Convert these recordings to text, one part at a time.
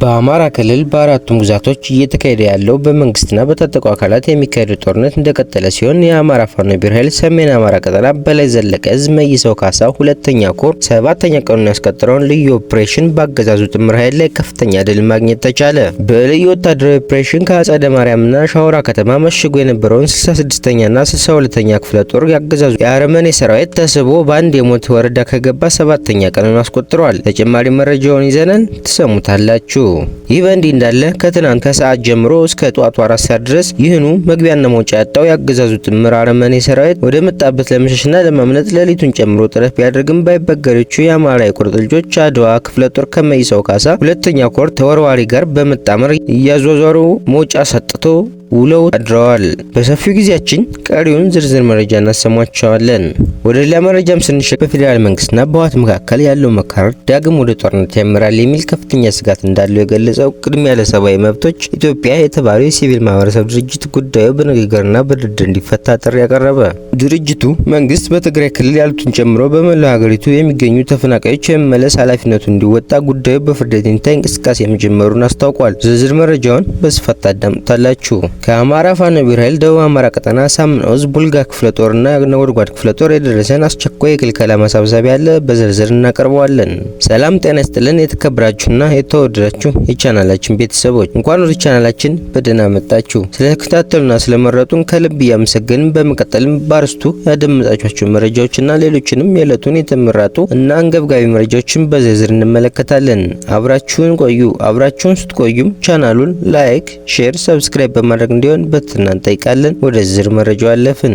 በአማራ ክልል በአራቱም ግዛቶች እየተካሄደ ያለው በመንግስትና በታጠቁ አካላት የሚካሄድ ጦርነት እንደቀጠለ ሲሆን የአማራ ፋኖ ብሔር ኃይል ሰሜን አማራ ቀጠና በላይ ዘለቀ ዕዝ መይሰው ካሳ ሁለተኛ ኮር ሰባተኛ ቀኑን ያስቆጠረውን ልዩ ኦፕሬሽን በአገዛዙ ጥምር ኃይል ላይ ከፍተኛ ድል ማግኘት ተቻለ። በልዩ ወታደራዊ ኦፕሬሽን ከአጸደ ማርያምና ሻወራ ከተማ መሽጎ የነበረውን 66ኛና 62ኛ ክፍለ ጦር ያገዛዙ የአረመኔ ሰራዊት ተስቦ በአንድ የሞት ወረዳ ከገባ ሰባተኛ ቀኑን አስቆጥረዋል። ተጨማሪ መረጃውን ይዘናል፣ ትሰሙታላችሁ። አደረገችው። ይህ በእንዲህ እንዳለ ከትናንት ከሰዓት ጀምሮ እስከ ጧቱ አራት ሰዓት ድረስ ይህኑ መግቢያና መውጫ ያጣው ያገዛዙ ጥምር አረመኔ ሰራዊት ወደ መጣበት ለመሸሽና ለማምለጥ ሌሊቱን ጨምሮ ጥረት ቢያደርግም ባይበገሬቹ የአማራ የቁርጥ ልጆች አድዋ ክፍለ ጦር ከመይሰው ካሳ ሁለተኛ ኮር ተወርዋሪ ጋር በመጣመር እያዟዟሩ መውጫ ሰጥቶ ውለው አድረዋል። በሰፊው ጊዜያችን ቀሪውን ዝርዝር መረጃ እናሰማቸዋለን። ወደ ሌላ መረጃም ስንሸ በፌዴራል መንግስትና በህወሓት መካከል ያለው መካረር ዳግም ወደ ጦርነት ያምራል የሚል ከፍተኛ ስጋት እንዳለው የገለጸው ቅድሚያ ለሰብአዊ መብቶች ኢትዮጵያ የተባለው የሲቪል ማህበረሰብ ድርጅት ጉዳዩ በንግግርና በድርድር እንዲፈታ ጥሪ ያቀረበ ድርጅቱ መንግስት በትግራይ ክልል ያሉትን ጨምሮ በመላው ሀገሪቱ የሚገኙ ተፈናቃዮች የመመለስ ኃላፊነቱ እንዲወጣ ጉዳዩ በፍርድ ቤት እንቅስቃሴ መጀመሩን አስታውቋል። ዝርዝር መረጃውን በስፋት ታዳምጣላችሁ። ከአማራ ፋኖ ብሔር ኃይል ደቡብ አማራ ቀጠና ሳምና ዕዝ ቡልጋ ክፍለ ጦርና ነጎድጓድ ክፍለ ጦር የደረሰን አስቸኳይ የክልከላ ማሳሰቢያ ያለ በዝርዝር እናቀርበዋለን። ሰላም ጤና ይስጥልን። የተከበራችሁና የተወደዳችሁ የቻናላችን ቤተሰቦች እንኳን ወደ ቻናላችን በደህና መጣችሁ። ስለተከታተሉና ስለመረጡን ከልብ እያመሰገንን በመቀጠልም ባርስቱ ያደመጣችኋቸው መረጃዎችና ሌሎችንም የዕለቱን የተመረጡ እና አንገብጋቢ መረጃዎችን በዝርዝር እንመለከታለን። አብራችሁን ቆዩ። አብራችሁን ስትቆዩም ቻናሉን ላይክ፣ ሼር፣ ሰብስክራይብ በማድረግ እንዲሆን በትህትና እንጠይቃለን። ወደ ዝርዝር መረጃው አለፍን።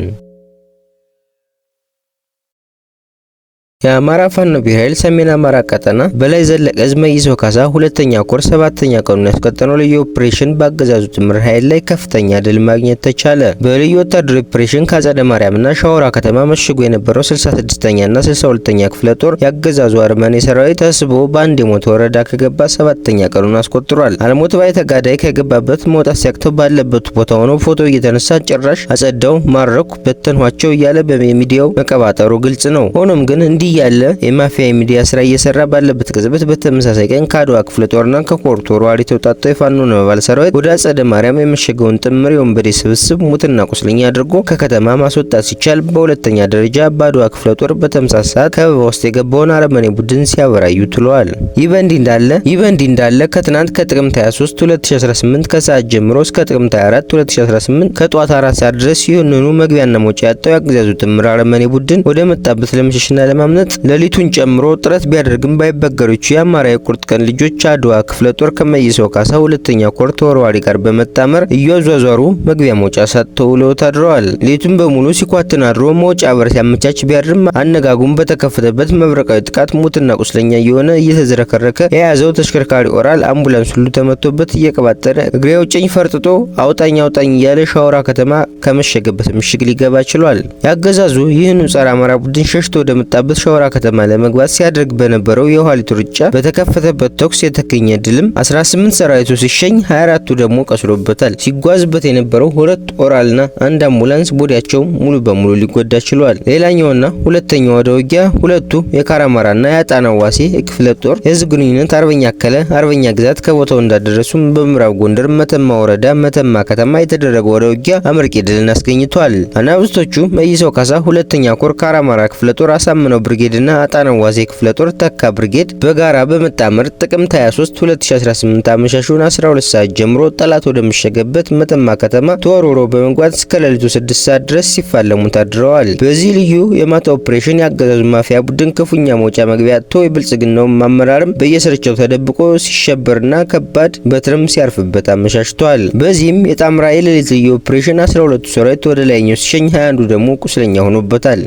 የአማራ ፋኖ ብሔር ኃይል ሰሜን አማራ ቀጠና በላይ ዘለቀ ዕዝ መይሶ ካሳ ሁለተኛ ኮር ሰባተኛ ቀኑን ያስቀጠነው ልዩ ኦፕሬሽን በአገዛዙ ጥምር ኃይል ላይ ከፍተኛ ድል ማግኘት ተቻለ። በልዩ ወታደራዊ ኦፕሬሽን ከአጸደ ማርያምና ሻወራ ከተማ መሽጎ የነበረው 66ኛና 62ኛ ክፍለ ጦር የአገዛዙ አርመኔ ሰራዊት ተስቦ በአንድ የሞት ወረዳ ከገባ ሰባተኛ ቀኑን አስቆጥሯል። አልሞት ባይ ተጋዳይ ከገባበት መውጣት ሲያቅተው ባለበት ቦታ ሆኖ ፎቶ እየተነሳ ጭራሽ አጸዳው ማረኩ በተንኋቸው እያለ በሚዲያው መቀባጠሩ ግልጽ ነው። ሆኖም ግን እንዲ እንዲህ ያለ የማፊያ ሚዲያ ስራ እየሰራ ባለበት ቅጽበት በተመሳሳይ ቀን ከአድዋ ክፍለ ጦርና ከኮርቶሮ ከኮርቶሯል የተውጣጣው የፋኖን መባል ሰራዊት ወደ አጸደ ማርያም የመሸገውን ጥምር የወንበዴ ስብስብ ሙትና ቁስለኛ አድርጎ ከከተማ ማስወጣት ሲቻል፣ በሁለተኛ ደረጃ በአድዋ ክፍለ ጦር በተመሳሳይ ሰዓት ከበባ ውስጥ የገባውን አረመኔ ቡድን ሲያበራዩ ትለዋል። ይህ በእንዲህ እንዳለ ይህ በእንዲህ እንዳለ ከትናንት ከጥቅምት 23 2018 ከሰዓት ጀምሮ እስከ ጥቅምት 24 2018 ከጧት አራት ሰዓት ድረስ ይህንኑ መግቢያና መውጫ ያጣው የአገዛዙ ጥምር አረመኔ ቡድን ወደ መጣበት ለመሸሽና ለማምለጥ እምነት ሌሊቱን ጨምሮ ጥረት ቢያደርግም ባይበገሮቹ የአማራ የቁርጥ ቀን ልጆች አድዋ ክፍለ ጦር ከመይሰው ካሳ ሁለተኛ ኮር ተወርዋሪ ጋር በመጣመር እያዟዟሩ መግቢያ መውጫ ሰጥተው ውለው አድረዋል። ሌቱን በሙሉ ሲኳትን አድሮ መውጫ በር ሲያመቻች ቢያድርም አነጋጉን በተከፈተበት መብረቃዊ ጥቃት ሙትና ቁስለኛ እየሆነ እየተዝረከረከ የያዘው ተሽከርካሪ ኦራል አምቡላንስ ሁሉ ተመቶበት እየቀባጠረ እግሬ አውጭኝ ፈርጥጦ አውጣኝ አውጣኝ እያለ ሻወራ ከተማ ከመሸገበት ምሽግ ሊገባ ችሏል። ያገዛዙ ይህን ጸረ አማራ ቡድን ሸሽቶ ወደመጣበት ሸወራ ከተማ ለመግባት ሲያደርግ በነበረው የኋሊቱ ሩጫ በተከፈተበት ተኩስ የተገኘ ድልም 18 ሰራዊቱ ሲሸኝ 24ቱ ደግሞ ቀስሎበታል። ሲጓዝበት የነበረው ሁለት ኦራልና አንድ አምቡላንስ ቦዲያቸው ሙሉ በሙሉ ሊጎዳ ችሏል። ሌላኛውና ሁለተኛው ወደ ውጊያ ሁለቱ የካራማራና የአጣና ዋሴ ክፍለ ጦር የህዝብ ግንኙነት አርበኛ አከለ አርበኛ ግዛት ከቦታው እንዳደረሱም በምዕራብ ጎንደር መተማ ወረዳ መተማ ከተማ የተደረገው ወደ ውጊያ አመርቂ ድልን አስገኝቷል። አናብስቶቹ መይሰው ካሳ ሁለተኛ ኮር ካራማራ ክፍለ ጦር አሳምነው ብርጌድና አጣናው ዋዜ ክፍለ ጦር ተካ ብርጌድ በጋራ በመጣመር ጥቅምት 23 2018 አመሻሹን 12 ሰዓት ጀምሮ ጠላት ወደሚሸገበት መተማ ከተማ ተወሮሮ በመጓዝ እስከ ሌሊቱ 6 ሰዓት ድረስ ሲፋለሙ ታድረዋል። በዚህ ልዩ የማታ ኦፕሬሽን የአገዛዙ ማፊያ ቡድን ክፉኛ መውጫ መግቢያ አጥቶ የብልጽግናውን ማመራርም በየስርቻው ተደብቆ ሲሸበርና ከባድ በትርም ሲያርፍበት አመሻሽቷል። በዚህም የጣምራ የሌሊት ልዩ ኦፕሬሽን 12ቱ ሰራዊት ወደ ላይኛው ሲሸኝ 21ዱ ደግሞ ቁስለኛ ሆኖበታል።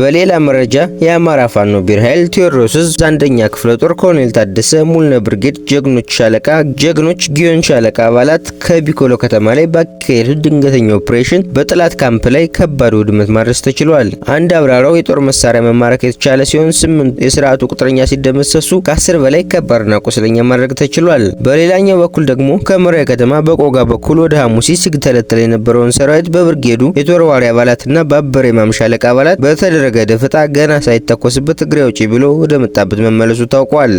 በሌላ መረጃ የአማራ ፋኖ ብሔር ኃይል ቴዎድሮስ ዕዝ አንደኛ ክፍለ ጦር ኮሎኔል ታደሰ ሙልነ ብርጌድ ጀግኖች ሻለቃ ጀግኖች ጊዮን ሻለቃ አባላት ከቢኮሎ ከተማ ላይ ባካሄዱ ድንገተኛ ኦፕሬሽን በጠላት ካምፕ ላይ ከባድ ውድመት ማድረስ ተችሏል። አንድ አብራራው የጦር መሳሪያ መማረክ የተቻለ ሲሆን ስምንት የስርዓቱ ቁጥረኛ ሲደመሰሱ ከአስር በላይ ከባድና ቁስለኛ ማድረግ ተችሏል። በሌላኛው በኩል ደግሞ ከምራዊ ከተማ በቆጋ በኩል ወደ ሐሙሲ ሲግተለተለ የነበረውን ሰራዊት በብርጌዱ የተወርዋሪ አባላትና በአበሬ ማምሻለቃ አባላት በተደረገ ያደረገ ደፈጣ ገና ሳይተኮስበት እግሬ አውጪ ብሎ ወደ መጣበት መመለሱ ታውቋል።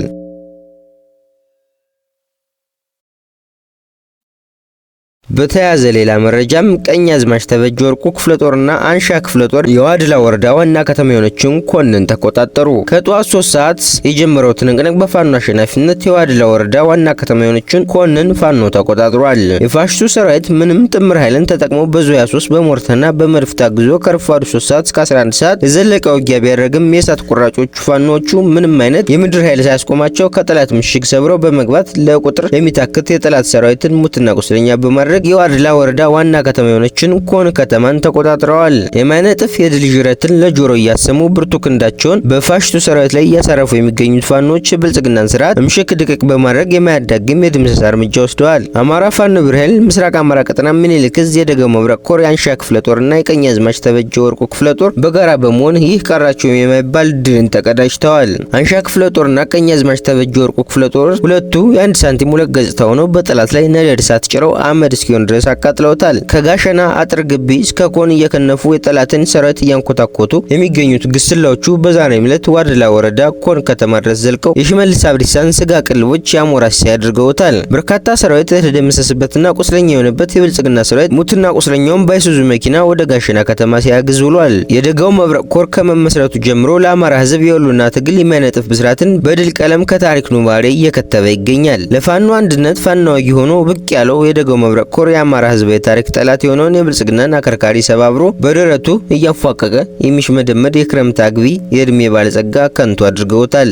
በተያያዘ ሌላ መረጃም አዝማች ተበጀ ወርቁ ክፍለ ጦርና አንሻ ክፍለ ጦር የዋድላ ወረዳ ዋና ከተማ የሆነችውን ኮንን ተቆጣጠሩ። ከጠዋት ሶስት ሰዓት የጀመረው ትንቅንቅ በፋኖ አሸናፊነት የዋድላ ወረዳ ዋና ከተማ የሆነችውን ኮንን ፋኖ ተቆጣጥሯል። የፋሽቱ ሰራዊት ምንም ጥምር ኃይልን ተጠቅሞ በዙያ ሶስት በሞርተና በመድፍ ታግዞ ከረፋዱ ሶስት ሰዓት እስከ 11 ሰዓት የዘለቀ ውጊያ ቢያረግም የእሳት ቁራጮቹ ፋኖዎቹ ምንም አይነት የምድር ኃይል ሳያስቆማቸው ከጠላት ምሽግ ሰብረው በመግባት ለቁጥር የሚታክት የጠላት ሰራዊትን ሙትና ቁስለኛ በማድረግ በማድረግ የዋድላ ወረዳ ዋና ከተማ የሆነችን ኮን ከተማን ተቆጣጥረዋል። የማይነጥፍ የድል ጅረትን ለጆሮ እያሰሙ ብርቱ ክንዳቸውን በፋሽቱ ሰራዊት ላይ እያሳረፉ የሚገኙት ፋኖች የብልጽግናን ስርዓት እምሽክ ድቅቅ በማድረግ የማያዳግም የድምሰሳ እርምጃ ወስደዋል። አማራ ፋኖ ብርሄል ምስራቅ አማራ ቀጠና ምኒልክ የደገ የደገው መብረቅ ኮር የአንሻ ክፍለ ጦርና የቀኝ አዝማች ተበጀ ወርቁ ክፍለ ጦር በጋራ በመሆን ይህ ቀራቸውም የማይባል ድልን ተቀዳጅተዋል። አንሻ ክፍለ ጦርና ቀኝ አዝማች ተበጀ ወርቁ ክፍለ ጦር ሁለቱ የአንድ ሳንቲም ሁለት ገጽታ ሆነው በጠላት ላይ ነደድ እሳት ጭረው አመድ እስኪ እስኪሆን ድረስ አቃጥለውታል። ከጋሸና አጥር ግቢ እስከ ኮን እየከነፉ የጠላትን ሰረት እያንኮታኮቱ የሚገኙት ግስላዎቹ በዛሬው ምለት ዋድላ ወረዳ ኮን ከተማ ድረስ ዘልቀው የሽመልስ አብዲሳን ስጋ ቅልቦች የአሞራ ሲሳይ አድርገውታል። በርካታ ሰራዊት የተደመሰሰበትና ቁስለኛ የሆነበት የብልጽግና ሰራዊት ሙትና ቁስለኛውን ባይሱዙ መኪና ወደ ጋሸና ከተማ ሲያግዝ ውሏል። የደጋው መብረቅ ኮር ከመመስረቱ ጀምሮ ለአማራ ሕዝብ የወሎና ትግል የማይነጥፍ ብስራትን በድል ቀለም ከታሪክ ኑባሬ እየከተበ ይገኛል። ለፋኖ አንድነት ፋና ሆኖ ብቅ ያለው የደጋው መብረቅ ኮር ተኮር የአማራ ህዝብ የታሪክ ጠላት የሆነውን የብልጽግናን አከርካሪ ሰባብሮ በደረቱ እያፏቀቀ የሚሽመደመድ የክረምት አግቢ የዕድሜ ባለጸጋ ከንቱ አድርገውታል።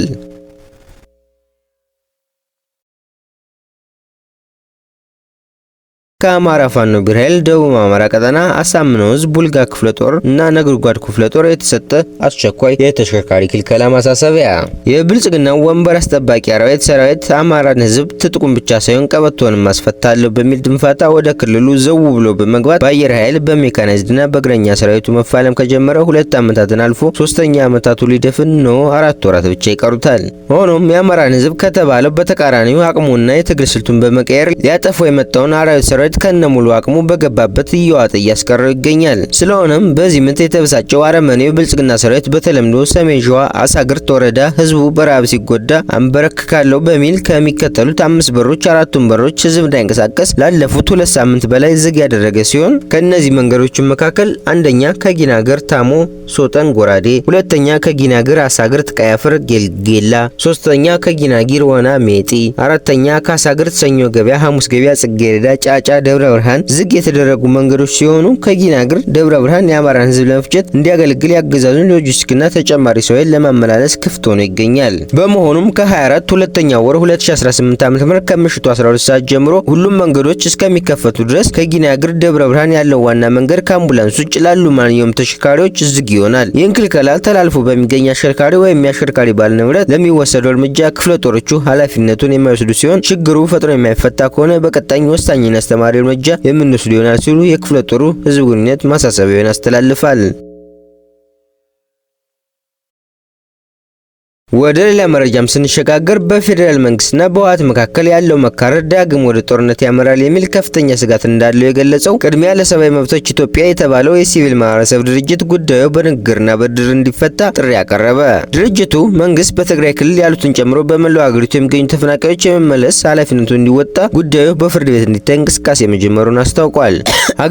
ከአማራ ፋኖ ብሔር ኃይል ደቡብ አማራ ቀጠና አሳምነው ህዝብ ቡልጋ ክፍለ ጦር እና ነጎድጓድ ክፍለ ጦር የተሰጠ አስቸኳይ የተሽከርካሪ ክልከላ ማሳሰቢያ። የብልጽግና ወንበር አስጠባቂ አራዊት ሰራዊት አማራን ህዝብ ትጥቁን ብቻ ሳይሆን ቀበቶንም አስፈታለሁ በሚል ድንፋታ ወደ ክልሉ ዘው ብሎ በመግባት በአየር ኃይል በሜካናይዝድና በእግረኛ ሰራዊቱ መፋለም ከጀመረ ሁለት ዓመታትን አልፎ ሶስተኛ ዓመታቱ ሊደፍን ነው። አራት ወራት ብቻ ይቀሩታል። ሆኖም የአማራን ህዝብ ከተባለው በተቃራኒው አቅሙና የትግል ስልቱን በመቀየር ሊያጠፈው የመጣውን አራዊት ሰራዊት ከነ ከነሙሉ አቅሙ በገባበት እየዋጠ እያስቀረው ይገኛል። ስለሆነም በዚህ ምት የተበሳጨው አረመኔው ብልጽግና ሰራዊት በተለምዶ ሰሜን ሸዋ አሳግርት ወረዳ ህዝቡ በረሃብ ሲጎዳ አንበረክካለሁ በሚል ከሚከተሉት አምስት በሮች አራቱን በሮች ህዝብ እንዳይንቀሳቀስ ላለፉት ሁለት ሳምንት በላይ ዝግ ያደረገ ሲሆን ከእነዚህ መንገዶች መካከል አንደኛ ከጊናገር ታሞ ሶጠን ጎራዴ፣ ሁለተኛ ከጊናገር አሳግርት ቀያፍር ጌልጌላ፣ ሶስተኛ ከጊናጊር ወና ሜጢ፣ አራተኛ ከአሳግርት ሰኞ ገበያ ሐሙስ ገበያ ጽጌረዳ ጫጫ ደብረ ብርሃን ዝግ የተደረጉ መንገዶች ሲሆኑ ግር ደብረ ብርሃን የአማራን ህዝብ ለመፍጨት እንዲያገለግል ያገዛዙን ሎጂስቲክና ተጨማሪ ሰው ኃይል ለማመላለስ ክፍት ሆኖ ይገኛል። በመሆኑም ከ24 ሁለተኛ ወር 2018 ዓ.ም ከምሽቱ 12 ሰዓት ጀምሮ ሁሉም መንገዶች እስከሚከፈቱ ድረስ ከጊናግር ደብረ ብርሃን ያለው ዋና መንገድ ከአምቡላንስ ውጭ ላሉ ማንኛውም ተሽከርካሪዎች ዝግ ይሆናል። ይህን ክልከላ ተላልፎ በሚገኝ አሽከርካሪ ወይም የአሽከርካሪ ባለንብረት ለሚወሰደው እርምጃ ክፍለ ጦሮቹ ኃላፊነቱን የማይወስዱ ሲሆን ችግሩ ፈጥኖ የማይፈታ ከሆነ በቀጣይ ወሳኝና አስተማሪ ተጨማሪ እርምጃ የምንወስድ ይሆናል ሲሉ የክፍለ ጦሩ ህዝብ ግንኙነት ማሳሰቢያውን አስተላልፋል። ወደ ሌላ መረጃም ስንሸጋገር በፌዴራል መንግስትና በህወሓት መካከል ያለው መካረር ዳግም ወደ ጦርነት ያመራል የሚል ከፍተኛ ስጋት እንዳለው የገለጸው ቅድሚያ ለሰብአዊ መብቶች ኢትዮጵያ የተባለው የሲቪል ማህበረሰብ ድርጅት ጉዳዩ በንግግርና በድር እንዲፈታ ጥሪ ያቀረበ ድርጅቱ መንግስት በትግራይ ክልል ያሉትን ጨምሮ በመላው አገሪቱ የሚገኙ ተፈናቃዮች የመመለስ ኃላፊነቱ እንዲወጣ ጉዳዩ በፍርድ ቤት እንዲታይ እንቅስቃሴ መጀመሩን አስታውቋል።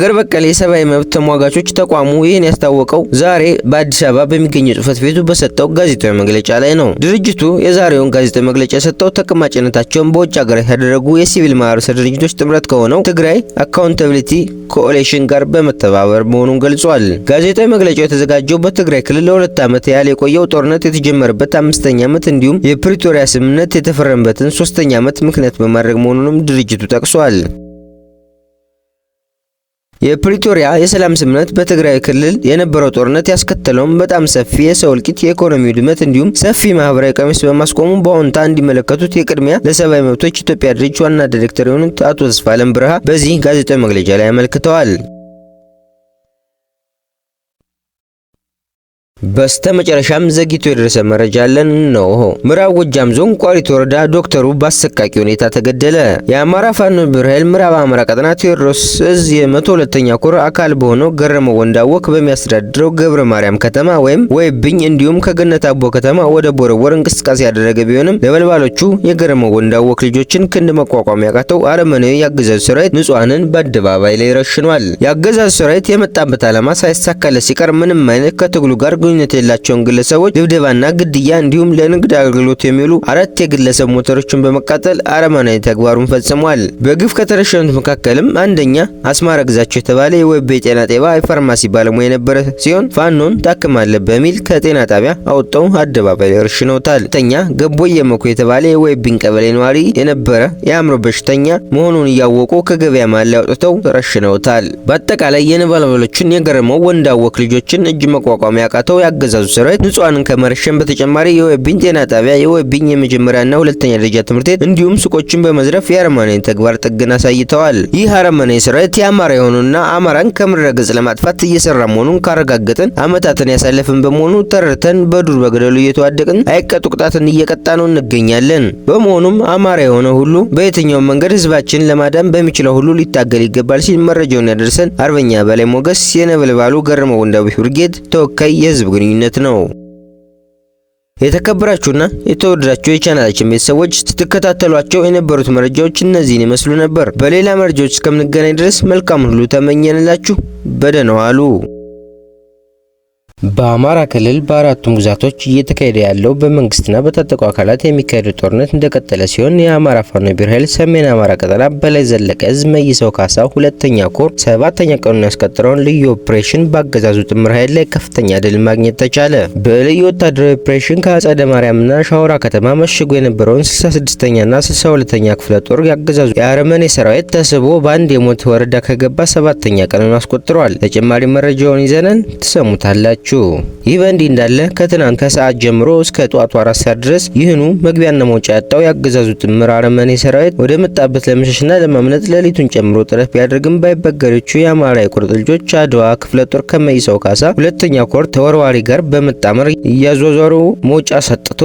በቀል የሰብአዊ መብት ተሟጋቾች ተቋሙ ይህን ያስታወቀው ዛሬ በአዲስ አበባ በሚገኘው ጽህፈት ቤቱ በሰጠው ጋዜጣዊ መግለጫ ላይ ነው። ነው። ድርጅቱ የዛሬውን ጋዜጣዊ መግለጫ የሰጠው ተቀማጭነታቸውን በውጭ ሀገር ያደረጉ የሲቪል ማህበረሰብ ድርጅቶች ጥምረት ከሆነው ትግራይ አካውንታብሊቲ ኮኦሌሽን ጋር በመተባበር መሆኑን ገልጿል። ጋዜጣዊ መግለጫው የተዘጋጀው በትግራይ ክልል ለሁለት ዓመት ያህል የቆየው ጦርነት የተጀመረበት አምስተኛ ዓመት እንዲሁም የፕሪቶሪያ ስምምነት የተፈረመበትን ሶስተኛ ዓመት ምክንያት በማድረግ መሆኑንም ድርጅቱ ጠቅሷል። የፕሪቶሪያ የሰላም ስምምነት በትግራይ ክልል የነበረው ጦርነት ያስከተለውም በጣም ሰፊ የሰው እልቂት፣ የኢኮኖሚ ውድመት እንዲሁም ሰፊ ማህበራዊ ቀሚስ በማስቆሙ በአዎንታ እንዲመለከቱት የቅድሚያ ለሰብአዊ መብቶች ኢትዮጵያ ድርጅት ዋና ዳይሬክተር የሆኑት አቶ ተስፋለም ብርሃ በዚህ ጋዜጣዊ መግለጫ ላይ አመልክተዋል። በስተ መጨረሻም ዘግይቶ የደረሰ መረጃ አለን ነው። ምዕራብ ጎጃም ዞን ቋሪት ወረዳ ዶክተሩ በአሰቃቂ ሁኔታ ተገደለ። የአማራ ፋኖ ብር ኃይል ምዕራብ አማራ ቀጠና ቴዎድሮስ እዝ የመቶ ሁለተኛ ኩር ኮር አካል በሆነው ገረመ ወንዳወቅ በሚያስተዳድረው ገብረ ማርያም ከተማ ወይም ወይብኝ እንዲሁም ከገነት አቦ ከተማ ወደ ቦረቦር እንቅስቃሴ ያደረገ ቢሆንም ለበልባሎቹ የገረመ ወንዳወቅ ልጆችን ክንድ መቋቋም ያቃተው አረመኔው የአገዛዙ ሰራዊት ንጹሐንን በአደባባይ ላይ ረሽኗል። የአገዛዙ ሰራዊት የመጣበት ዓላማ ሳይሳካለት ሲቀር ምንም አይነት ከትግሉ ጋር ግንኙነት የሌላቸውን ግለሰቦች ድብደባና ግድያ እንዲሁም ለንግድ አገልግሎት የሚውሉ አራት የግለሰብ ሞተሮችን በመቃጠል አረማናዊ ተግባሩን ፈጽሟል። በግፍ ከተረሸኑት መካከልም አንደኛ አስማረ ግዛቸው የተባለ የወብ የጤና ጤባ የፋርማሲ ባለሙያ የነበረ ሲሆን ፋኖን ታክማለ በሚል ከጤና ጣቢያ አውጥተው አደባባይ ረሽነውታል። ተኛ ገቦይ የመኩ የተባለ የወይቢን ቀበሌ ነዋሪ የነበረ የአእምሮ በሽተኛ መሆኑን እያወቁ ከገበያ ማ አውጥተው ረሽነውታል። በአጠቃላይ የነበልባሎቹን የገረመው ወንዳወክ ልጆችን እጅ መቋቋም ያቃተው የገለጸው የአገዛዙ ሰራዊት ንጹሐንን ከመረሸን በተጨማሪ የወይብኝ ጤና ጣቢያ፣ የመጀመሪያ የመጀመሪያና ሁለተኛ ደረጃ ትምህርት ቤት እንዲሁም ሱቆችን በመዝረፍ የአረማኔን ተግባር ጥግን አሳይተዋል። ይህ አረማኔ ሰራዊት የአማራ የሆኑና አማራን ከምድረ ገጽ ለማጥፋት እየሰራ መሆኑን ካረጋገጥን ዓመታትን ያሳለፍን በመሆኑ ተረድተን በዱር በገደሉ እየተዋደቅን አይቀጡ ቅጣትን እየቀጣ ነው እንገኛለን። በመሆኑም አማራ የሆነ ሁሉ በየትኛው መንገድ ህዝባችን ለማዳን በሚችለው ሁሉ ሊታገል ይገባል ሲል መረጃውን ያደርሰን አርበኛ በላይ ሞገስ የነበልባሉ ገርመው ወንዳዊ ብርጌድ ተወካይ የህዝብ የቤተሰብ ግንኙነት ነው። የተከበራችሁና የተወደዳችሁ የቻናላችን ቤተሰቦች ስትከታተሏቸው የነበሩት መረጃዎች እነዚህን ይመስሉ ነበር። በሌላ መረጃዎች እስከምንገናኝ ድረስ መልካም ሁሉ ተመኘንላችሁ። በደህና ዋሉ። በአማራ ክልል በአራቱም ግዛቶች እየተካሄደ ያለው በመንግስትና በታጠቁ አካላት የሚካሄደው ጦርነት እንደቀጠለ ሲሆን የአማራ ፋኖ ብሔር ኃይል ሰሜን አማራ ቀጠና በላይ ዘለቀ እዝ መይሰው ካሳ ሁለተኛ ኮር ሰባተኛ ቀኑን ያስቆጠረውን ልዩ ኦፕሬሽን በአገዛዙ ጥምር ኃይል ላይ ከፍተኛ ድል ማግኘት ተቻለ። በልዩ ወታደራዊ ኦፕሬሽን ከአጸደ ማርያምና ሻወራ ከተማ መሽጎ የነበረውን 66ኛና 62ኛ ክፍለ ጦር ያገዛዙ የአረመኔ ሰራዊት ተስቦ በአንድ የሞት ወረዳ ከገባ ሰባተኛ ቀኑን አስቆጥረዋል። ተጨማሪ መረጃውን ይዘነን ትሰሙታላችሁ። አደረገችው። ይህ በእንዲህ እንዳለ ከትናንት ከሰዓት ጀምሮ እስከ ጧቱ አራት ሰዓት ድረስ ይህኑ መግቢያና መውጫ ያጣው የአገዛዙ ጥምር አረመኔ ሰራዊት ወደ መጣበት ለመሸሽና ለማምለጥ ሌሊቱን ጨምሮ ጥረት ቢያደርግም ባይበገሬዎቹ የአማራ የቁርጥ ልጆች አድዋ ክፍለ ጦር ከመይሰው ካሳ ሁለተኛ ኮር ተወርዋሪ ጋር በመጣመር እያዟዟሩ መውጫ ሰጥቶ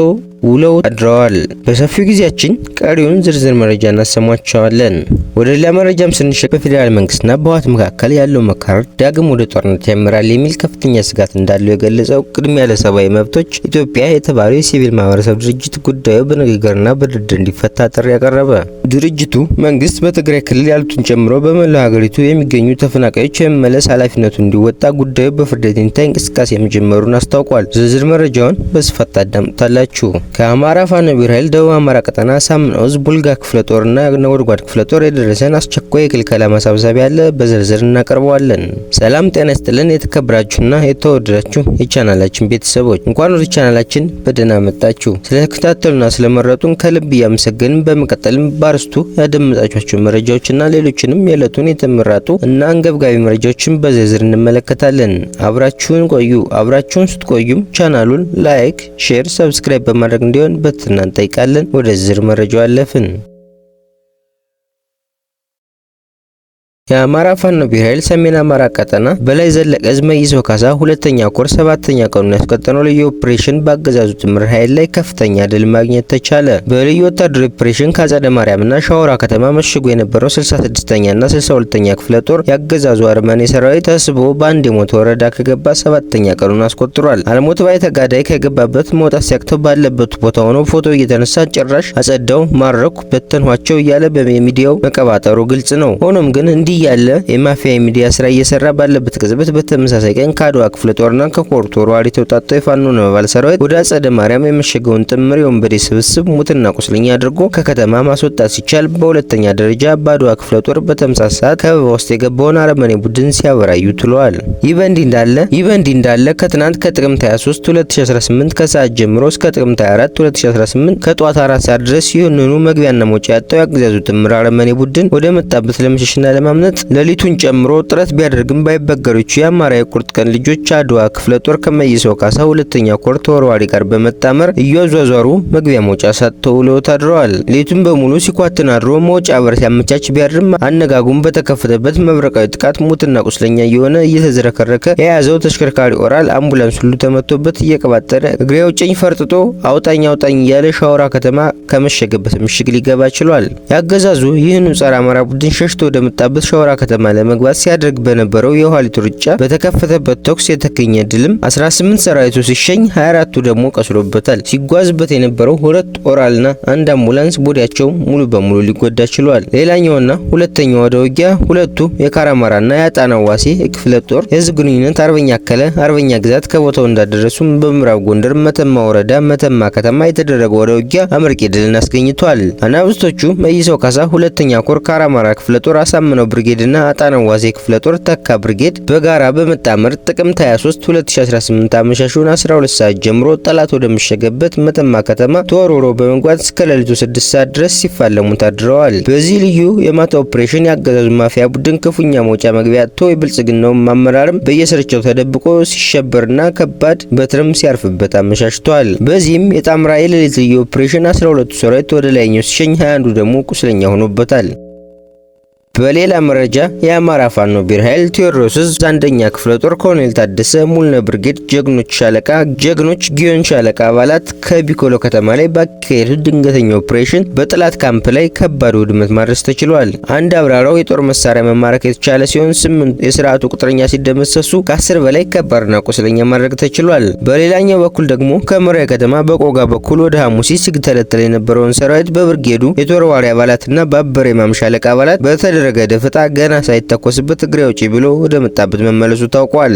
ውለው አድረዋል። በሰፊው ጊዜያችን ቀሪውን ዝርዝር መረጃ እናሰማቸዋለን። ወደ ሌላ መረጃም ስንሸ በፌዴራል መንግስትና በህወሓት መካከል ያለው መካረር ዳግም ወደ ጦርነት ያመራል የሚል ከፍተኛ ስጋት እንዳለው የገለጸው ቅድሚያ ለሰብአዊ መብቶች ኢትዮጵያ የተባለው የሲቪል ማህበረሰብ ድርጅት ጉዳዩ በንግግርና በድርድር እንዲፈታ ጥሪ ያቀረበ ድርጅቱ መንግስት በትግራይ ክልል ያሉትን ጨምሮ በመላው ሀገሪቱ የሚገኙ ተፈናቃዮች የመመለስ ኃላፊነቱ እንዲወጣ ጉዳዩ በፍርድ ቤት እንቅስቃሴ መጀመሩን አስታውቋል። ዝርዝር መረጃውን በስፋት ታዳምጣላችሁ። ከአማራ ፋኖ ብሔር ኃይል ደቡብ አማራ ቀጠና ሳምና ኦዝ ቡልጋ ክፍለ ጦርና ነጎድጓድ ክፍለ ጦር የደረሰን አስቸኳይ የክልከላ ማሳሰቢያ አለ፣ በዝርዝር እናቀርበዋለን። ሰላም ጤና ይስጥልን። የተከበራችሁና የተወደዳችሁ የቻናላችን ቤተሰቦች እንኳን ወደ ቻናላችን በደህና መጣችሁ። ስለተከታተሉና ስለመረጡን ከልብ እያመሰገንን በመቀጠልም ባርስቱ ያደመጣችኋቸው መረጃዎችና ሌሎችንም የዕለቱን የተመረጡ እና አንገብጋቢ መረጃዎችን በዝርዝር እንመለከታለን። አብራችሁን ቆዩ። አብራችሁን ስትቆዩም ቻናሉን ላይክ፣ ሼር፣ ሰብስክራይብ በማድረግ እንዲሆን በትህትና እንጠይቃለን። ወደ ዝርዝር መረጃው አለፍን። የአማራ ፋኖ ኃይል ሰሜን አማራ ቀጠና በላይ ዘለቀ ዕዝ መይሳው ካሳ ሁለተኛ ኮር ሰባተኛ ቀኑን ያስቆጠረው ልዩ ኦፕሬሽን በአገዛዙ ጥምር ኃይል ላይ ከፍተኛ ድል ማግኘት ተቻለ። በልዩ ወታደር ኦፕሬሽን ከአጸደ ማርያምና ሻወራ ከተማ መሽጎ የነበረው 66ኛና 62ኛ ክፍለ ጦር የአገዛዙ አርመኔ ሰራዊት ተስቦ በአንድ የሞት ወረዳ ከገባ ሰባተኛ ቀኑን አስቆጥሯል። አልሞት ባይ ተጋዳይ ከገባበት መውጣት ሲያቅተው ባለበት ቦታ ሆኖ ፎቶ እየተነሳ ጭራሽ አጸዳው ማረኩ በተንኋቸው እያለ በሚዲያው መቀባጠሩ ግልጽ ነው። ሆኖም ግን እንዲህ በእንዲህ ያለ የማፊያ ሚዲያ ስራ እየሰራ ባለበት ቅጽበት በተመሳሳይ ቀን ከአድዋ ክፍለ ጦርና ከኮርቶ ከኮርቶሯል የተውጣጣው የፋኖ ነበልባል ሰራዊት ወደ አጸደ ማርያም የመሸገውን ጥምር የወንበዴ ስብስብ ሙትና ቁስለኛ አድርጎ ከከተማ ማስወጣት ሲቻል፣ በሁለተኛ ደረጃ በአድዋ ክፍለ ጦር በተመሳሳይ ሰዓት ከበባ ውስጥ የገባውን አረመኔ ቡድን ሲያበራዩ ትለዋል። ይህ በእንዲህ እንዳለ ይህ በእንዲህ እንዳለ ከትናንት ከጥቅምት 23 2018 ከሰዓት ጀምሮ እስከ ጥቅምት 24 2018 ከጠዋት አራት ሰዓት ድረስ ይህንኑ መግቢያና መውጫ ያጣው የአገዛዙ ጥምር አረመኔ ቡድን ወደ መጣበት ለመሸሽና ለማምለጥ ለማምለጥ ሌሊቱን ጨምሮ ጥረት ቢያደርግም ባይበገሮቹ የአማራ የቁርጥ ቀን ልጆች አድዋ ክፍለ ጦር ከመይሰው ካሳ ሁለተኛ ኮር ተወርዋሪ ጋር በመጣመር እያዟዟሩ መግቢያ መውጫ ሳጥተው ውለው አድረዋል። ሌቱን በሙሉ ሲኳትን አድሮ መውጫ በር ሲያመቻች ቢያድርም አነጋጉም በተከፈተበት መብረቃዊ ጥቃት ሙትና ቁስለኛ እየሆነ እየተዝረከረከ የያዘው ተሽከርካሪ ኦራል አምቡላንስ ሁሉ ተመቶበት እየቀባጠረ እግሬ አውጭኝ ፈርጥጦ አውጣኝ አውጣኝ እያለ ሻወራ ከተማ ከመሸገበት ምሽግ ሊገባ ችሏል። ያገዛዙ ይህን ጸረ አማራ ቡድን ሸሽቶ ወደመጣበት ሸወራ ከተማ ለመግባት ሲያደርግ በነበረው የኋሊት ሩጫ በተከፈተበት ተኩስ የተገኘ ድልም 18 ሰራዊቱ ሲሸኝ 24ቱ ደግሞ ቀስሎበታል። ሲጓዝበት የነበረው ሁለት ኦራልና አንድ አምቡላንስ ቦዲያቸው ሙሉ በሙሉ ሊጎዳ ችሏል። ሌላኛውና ሁለተኛው ወደ ውጊያ ሁለቱ የካራማራና የአጣና ዋሴ ክፍለ ጦር የህዝብ ግንኙነት አርበኛ አከለ አርበኛ ግዛት ከቦታው እንዳደረሱም በምዕራብ ጎንደር መተማ ወረዳ መተማ ከተማ የተደረገ ወደ ውጊያ አመርቂ ድልን አስገኝቷል። አናብስቶቹ መይሰው ካሳ ሁለተኛ ኮር ካራማራ ክፍለ ጦር አሳምነው ብርጌድና አጣና ዋዜ ክፍለ ጦር ተካ ብርጌድ በጋራ በመጣመር ጥቅምት 23 2018 አመሻሹን 12 ሰዓት ጀምሮ ጠላት ወደሚሸገበት መተማ ከተማ ተወሮሮ በመጓዝ እስከ ሌሊቱ 6 ሰዓት ድረስ ሲፋለሙ ታድረዋል። በዚህ ልዩ የማታ ኦፕሬሽን የአገዛዙ ማፊያ ቡድን ክፉኛ መውጫ መግቢያ አጥቶ የብልጽግናውን አመራርም በየስርቻው ተደብቆ ሲሸበርና ከባድ በትርም ሲያርፍበት አመሻሽቷል። በዚህም የጣምራ የሌሊት ልዩ ኦፕሬሽን 12ቱ ሰራዊት ወደ ላይኛው ሲሸኝ 21ዱ ደግሞ ቁስለኛ ሆኖበታል። በሌላ መረጃ የአማራ ፋኖ ብሔር ኃይል ቴዎድሮስ አንደኛ ክፍለ ጦር ኮሎኔል ታደሰ ሙልነ ብርጌድ ጀግኖች ሻለቃ ጀግኖች ጊዮን ሻለቃ አባላት ከቢኮሎ ከተማ ላይ ባካሄዱ ድንገተኛ ኦፕሬሽን በጠላት ካምፕ ላይ ከባድ ውድመት ማድረስ ተችሏል። አንድ አብራራው የጦር መሳሪያ መማረክ የተቻለ ሲሆን ስምንቱ የስርዓቱ ቁጥረኛ ሲደመሰሱ ከአስር በላይ ከባድና ቁስለኛ ማድረግ ተችሏል። በሌላኛው በኩል ደግሞ ከመራዊ ከተማ በቆጋ በኩል ወደ ሐሙሲ ሲግተለተለ የነበረውን ሰራዊት በብርጌዱ የተወርዋሪ አባላትና በአበሬ ማምሻለቃ አባላት በተደ ባደረገ ደፈጣ ገና ሳይተኮስበት እግሬ አውጪ ብሎ ወደ መጣበት መመለሱ ታውቋል።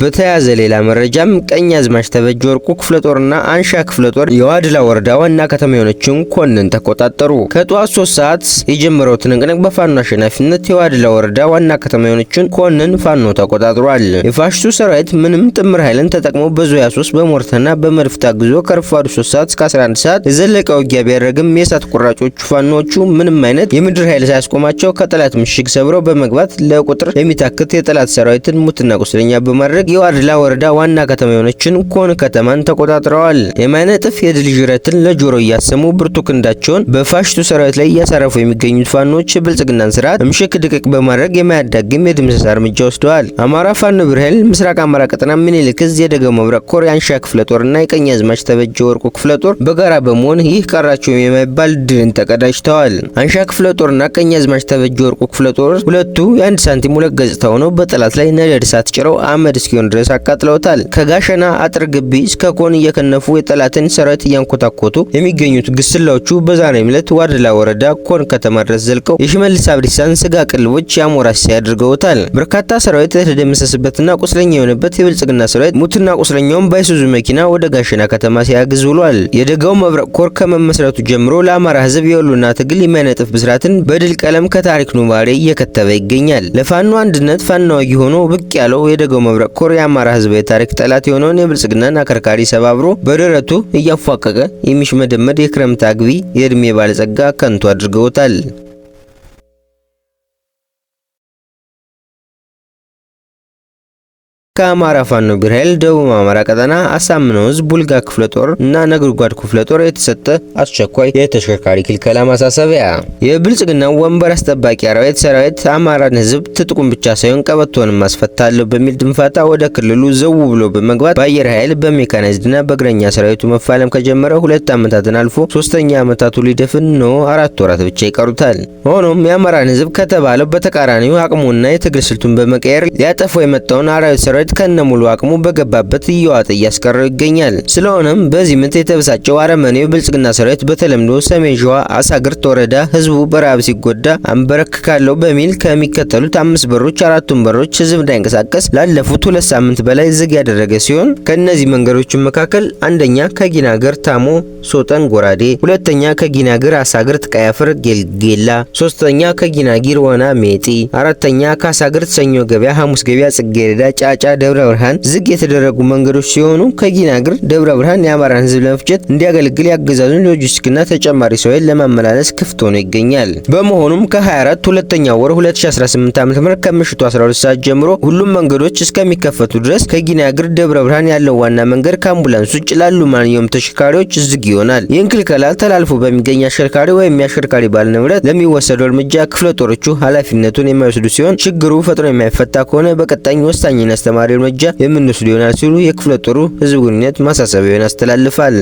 በተያያዘ ሌላ መረጃም አዝማች ተበጀ ወርቁ ክፍለ ጦርና አንሻ ክፍለ ጦር የዋድላ ወረዳ ዋና ከተማ የሆነችውን ኮንን ተቆጣጠሩ። ከጠዋት ሶስት ሰዓት የጀመረው ትንቅንቅ በፋኖ አሸናፊነት የዋድላ ወረዳ ዋና ከተማ የሆነችውን ኮንን ፋኖ ተቆጣጥሯል። የፋሽቱ ሰራዊት ምንም ጥምር ኃይልን ተጠቅሞ በዙያ ሶስት በሞርተና በመድፍ ታግዞ ከረፋዱ ሶስት ሰዓት እስከ 11 ሰዓት የዘለቀ ውጊያ ቢያደርግም የእሳት ቁራጮቹ ፋኖዎቹ ምንም አይነት የምድር ኃይል ሳያስቆማቸው ከጠላት ምሽግ ሰብረው በመግባት ለቁጥር የሚታክት የጠላት ሰራዊትን ሙትና ቁስለኛ በማድረግ የዋድላ ወረዳ ዋና ከተማ የሆነችን ኮን ከተማን ተቆጣጥረዋል። የማይነጥፍ የድል ጅረትን ለጆሮ እያሰሙ ብርቱ ክንዳቸውን በፋሽቱ ሰራዊት ላይ እያሳረፉ የሚገኙት ፋኖች የብልጽግናን ስርዓት እምሽክ ድቅቅ በማድረግ የማያዳግም የድምሰሳ እርምጃ ወስደዋል። አማራ ፋኖ ብርሄል ምስራቅ አማራ ቀጠና ምኒልክ ዕዝ የደገው መብረቅ ኮር የአንሻ ክፍለ ጦርና የቀኛዝማች ተበጀ ወርቁ ክፍለ ጦር በጋራ በመሆን ይህ ቀራቸውም የማይባል ድልን ተቀዳጅተዋል። አንሻ ክፍለ ጦርና አዝማች ተበጀ ወርቁ ክፍለ ጦር ሁለቱ የአንድ ሳንቲም ሁለት ገጽታ ሆነው በጠላት ላይ ነደድ እሳት ጭረው አመድ እስኪ እስኪሆን ድረስ አቃጥለውታል። ከጋሸና አጥር ግቢ እስከ ኮን እየከነፉ የጠላትን ሰራዊት እያንኮታኮቱ የሚገኙት ግስላዎቹ በዛሬም ምለት ዋድላ ወረዳ ኮን ከተማ ድረስ ዘልቀው የሽመልስ አብዲሳን ስጋ ቅልቦች የአሞራ ሲሳይ አድርገውታል። በርካታ ሰራዊት የተደመሰስበትና ቁስለኛ የሆነበት የብልጽግና ሰራዊት ሙትና ቁስለኛውን ባይሱዙ መኪና ወደ ጋሸና ከተማ ሲያግዝ ውሏል። የደጋው መብረቅ ኮር ከመመስረቱ ጀምሮ ለአማራ ህዝብ የወሉና ትግል የማይነጥፍ ብስራትን በድል ቀለም ከታሪክ ኑባሬ እየከተበ ይገኛል። ለፋኖ አንድነት ፋና ወጊ ሆኖ ብቅ ያለው የደጋው መብረቅ ኮር ተኮር የአማራ ህዝብ የታሪክ ጠላት የሆነውን የብልጽግናን አከርካሪ ሰባብሮ በደረቱ እያፏቀቀ የሚሽመደመድ የክረምት አግቢ የዕድሜ ባለጸጋ ከንቱ አድርገውታል። ከአማራ ፋኖ ብሔር ኃይል ደቡብ አማራ ቀጠና አሳምነው እዝ ቡልጋ ክፍለ ጦር እና ነግርጓድ ክፍለ ጦር የተሰጠ አስቸኳይ የተሽከርካሪ ክልከላ ማሳሰቢያ። የብልጽግናው ወንበር አስጠባቂ አራዊት ሰራዊት አማራን ህዝብ ትጥቁን ብቻ ሳይሆን ቀበቶንም አስፈታለሁ በሚል ድንፋታ ወደ ክልሉ ዘው ብሎ በመግባት በአየር ኃይል በሜካናይዝድና በእግረኛ ሰራዊቱ መፋለም ከጀመረ ሁለት ዓመታትን አልፎ ሶስተኛ ዓመታቱ ሊደፍን ነው። አራት ወራት ብቻ ይቀሩታል። ሆኖም የአማራን ህዝብ ከተባለው በተቃራኒው አቅሙና የትግል ስልቱን በመቀየር ሊያጠፈው የመጣውን አራዊት ሰራዊት በማለት ከነ ሙሉ አቅሙ በገባበት እየዋጠ እያስቀረው ይገኛል። ስለሆነም በዚህ ምት የተበሳጨው አረመኔው ብልጽግና ሰራዊት በተለምዶ ሰሜን ሸዋ አሳግርት ወረዳ ህዝቡ በረሃብ ሲጎዳ አንበረክካለሁ በሚል ከሚከተሉት አምስት በሮች አራቱን በሮች ህዝብ እንዳይንቀሳቀስ ላለፉት ሁለት ሳምንት በላይ ዝግ ያደረገ ሲሆን ከእነዚህ መንገዶች መካከል አንደኛ ከጊናገር ታሞ ሶጠን ጎራዴ፣ ሁለተኛ ከጊናገር አሳግርት ቀያፍር ጌልጌላ፣ ሶስተኛ ከጊናጊር ወና ሜጢ፣ አራተኛ ከአሳግርት ሰኞ ገበያ ሐሙስ ገበያ ጽጌረዳ ጫጫ ደብረ ብርሃን ዝግ የተደረጉ መንገዶች ሲሆኑ ከጊናግር ደብረ ብርሃን የአማራን ህዝብ ለመፍጀት እንዲያገለግል ያገዛዙን ሎጂስቲክና ተጨማሪ ሰው ኃይል ለማመላለስ ክፍት ሆኖ ይገኛል። በመሆኑም ከ24 ሁለተኛ ወር 2018 ዓ.ም ከምሽቱ 12 ሰዓት ጀምሮ ሁሉም መንገዶች እስከሚከፈቱ ድረስ ከጊናግር ደብረ ብርሃን ያለው ዋና መንገድ ከአምቡላንስ ውጭ ላሉ ማንኛውም ተሽከርካሪዎች ዝግ ይሆናል። ይህን ክልከላ ተላልፎ በሚገኝ አሽከርካሪ ወይም የአሽከርካሪ ባለንብረት ለሚወሰደው እርምጃ ክፍለ ጦሮቹ ኃላፊነቱን የማይወስዱ ሲሆን ችግሩ ፈጥኖ የማይፈታ ከሆነ በቀጣይ ወሳኝ አስተማሪ ተጨማሪ እርምጃ የምንወስድ ይሆናል ሲሉ የክፍለ ጦሩ ህዝብ ግንኙነት ማሳሰቢያውን አስተላልፋል።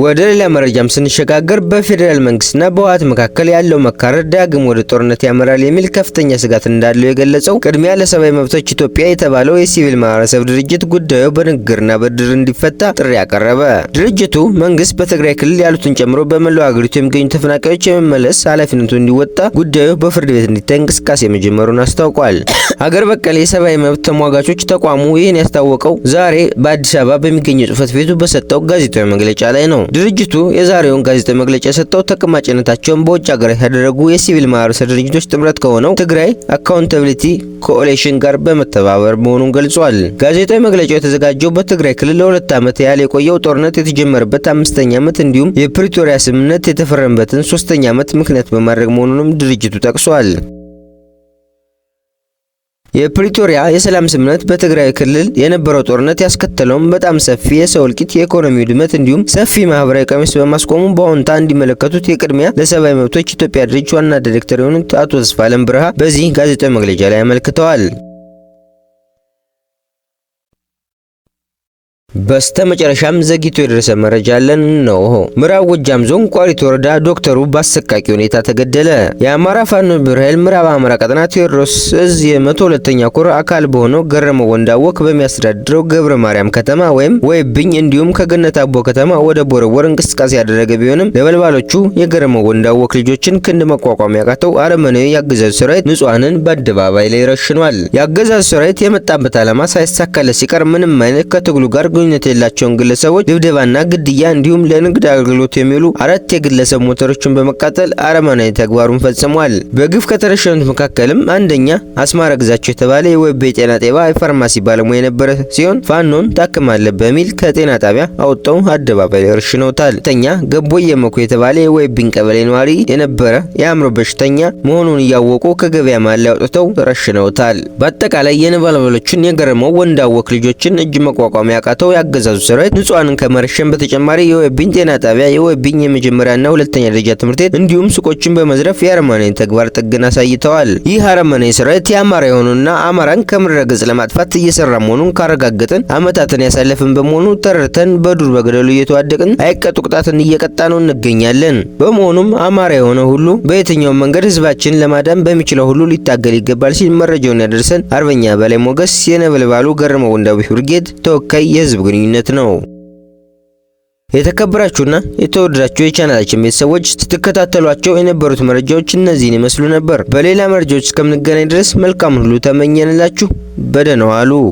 ወደ ሌላ መረጃም ስንሸጋገር በፌዴራል መንግስትና በህወሓት መካከል ያለው መካረር ዳግም ወደ ጦርነት ያመራል የሚል ከፍተኛ ስጋት እንዳለው የገለጸው ቅድሚያ ለሰብአዊ መብቶች ኢትዮጵያ የተባለው የሲቪል ማህበረሰብ ድርጅት ጉዳዩ በንግግርና በድር እንዲፈታ ጥሪ ያቀረበ ድርጅቱ መንግስት በትግራይ ክልል ያሉትን ጨምሮ በመላው አገሪቱ የሚገኙ ተፈናቃዮች የመመለስ ኃላፊነቱ እንዲወጣ ጉዳዩ በፍርድ ቤት እንዲታይ እንቅስቃሴ መጀመሩን አስታውቋል። በቀል የሰብአዊ መብት ተሟጋቾች ተቋሙ ይህን ያስታወቀው ዛሬ በአዲስ አበባ በሚገኘው ጽህፈት ቤቱ በሰጠው ጋዜጣዊ መግለጫ ላይ ነው። ነው። ድርጅቱ የዛሬውን ጋዜጣዊ መግለጫ የሰጠው ተቀማጭነታቸውን በውጭ ሀገር ያደረጉ የሲቪል ማህበረሰብ ድርጅቶች ጥምረት ከሆነው ትግራይ አካውንታብሊቲ ኮኦሌሽን ጋር በመተባበር መሆኑን ገልጿል። ጋዜጣዊ መግለጫው የተዘጋጀው በትግራይ ክልል ለሁለት ዓመት ያህል የቆየው ጦርነት የተጀመረበት አምስተኛ ዓመት እንዲሁም የፕሪቶሪያ ስምምነት የተፈረመበትን ሶስተኛ ዓመት ምክንያት በማድረግ መሆኑንም ድርጅቱ ጠቅሷል። የፕሪቶሪያ የሰላም ስምምነት በትግራይ ክልል የነበረው ጦርነት ያስከተለውም በጣም ሰፊ የሰው እልቂት፣ የኢኮኖሚ ውድመት እንዲሁም ሰፊ ማህበራዊ ቀሚስ በማስቆሙ በአሁንታ እንዲመለከቱት የቅድሚያ ለሰብአዊ መብቶች ኢትዮጵያ ድርጅት ዋና ዳይሬክተር የሆኑት አቶ ተስፋለም ብርሃ በዚህ ጋዜጣዊ መግለጫ ላይ አመልክተዋል። በስተ መጨረሻም ዘግይቶ የደረሰ መረጃ አለን ነው። ምዕራብ ጎጃም ዞን ቋሪት ወረዳ ዶክተሩ በአሰቃቂ ሁኔታ ተገደለ። የአማራ ፋኖ ብር ኃይል ምዕራብ አማራ ቀጠና ቴዎድሮስ እዝ የመቶ ሁለተኛ ኮር አካል በሆነው ገረመው ወንዳወቅ በሚያስተዳድረው ገብረ ማርያም ከተማ ወይም ወይብኝ እንዲሁም ከገነት አቦ ከተማ ወደ ቦረቦር እንቅስቃሴ ያደረገ ቢሆንም ነበልባሎቹ የገረመው ወንዳወቅ ልጆችን ክንድ መቋቋም ያቃተው አረመናዊ የአገዛዙ ሰራዊት ንጹሐንን በአደባባይ ላይ ረሽኗል። የአገዛዙ ሰራዊት የመጣበት ዓላማ ሳይሳካለ ሲቀር ምንም አይነት ከትግሉ ጋር ግንኙነት የሌላቸውን ግለሰቦች ድብደባና ግድያ እንዲሁም ለንግድ አገልግሎት የሚውሉ አራት የግለሰብ ሞተሮችን በመቃጠል አረመናዊ ተግባሩን ፈጽሟል። በግፍ ከተረሸኑት መካከልም አንደኛ አስማረ ግዛቸው የተባለ የወብ የጤና ጤባ የፋርማሲ ባለሙያ የነበረ ሲሆን ፋኖን ታክማለህ በሚል ከጤና ጣቢያ አውጥተው አደባባይ ረሽነውታል። ተኛ ገቦይ የመኩ የተባለ የወይቢን ቀበሌ ነዋሪ የነበረ የአእምሮ በሽተኛ መሆኑን እያወቁ ከገበያ ማለ አውጥተው ረሽነውታል። በአጠቃላይ የነበልባሎችን የገረመው ወንዳወክ ልጆችን እጅ መቋቋም ያቃተው የአገዛዙ ሰራዊት ንጹሃንን ከመረሸን በተጨማሪ የወቢን ጤና ጣቢያ፣ የወቢን የመጀመሪያና ሁለተኛ ደረጃ ትምህርት ቤት እንዲሁም ሱቆችን በመዝረፍ የአረመኔን ተግባር ጥግን አሳይተዋል። ይህ አረመኔ ሰራዊት የአማራ የሆኑና አማራን ከምድረ ገጽ ለማጥፋት እየሰራ መሆኑን ካረጋገጥን ዓመታትን ያሳለፍን በመሆኑ ተረድተን በዱር በገደሉ እየተዋደቅን አይቀጡ ቅጣትን እየቀጣ ነው እንገኛለን። በመሆኑም አማራ የሆነ ሁሉ በየትኛውም መንገድ ህዝባችንን ለማዳን በሚችለው ሁሉ ሊታገል ይገባል ሲል መረጃውን ያደርሰን አርበኛ በላይ ሞገስ የነበልባሉ ገረመው ወንዳዊ ብርጌድ ተወካይ የህዝብ የቤተሰብ ግንኙነት ነው። የተከበራችሁና የተወደዳችሁ የቻናላችን ቤተሰቦች ስትከታተሏቸው የነበሩት መረጃዎች እነዚህን ይመስሉ ነበር። በሌላ መረጃዎች እስከምንገናኝ ድረስ መልካም ሁሉ ተመኘንላችሁ። በደህና ዋሉ።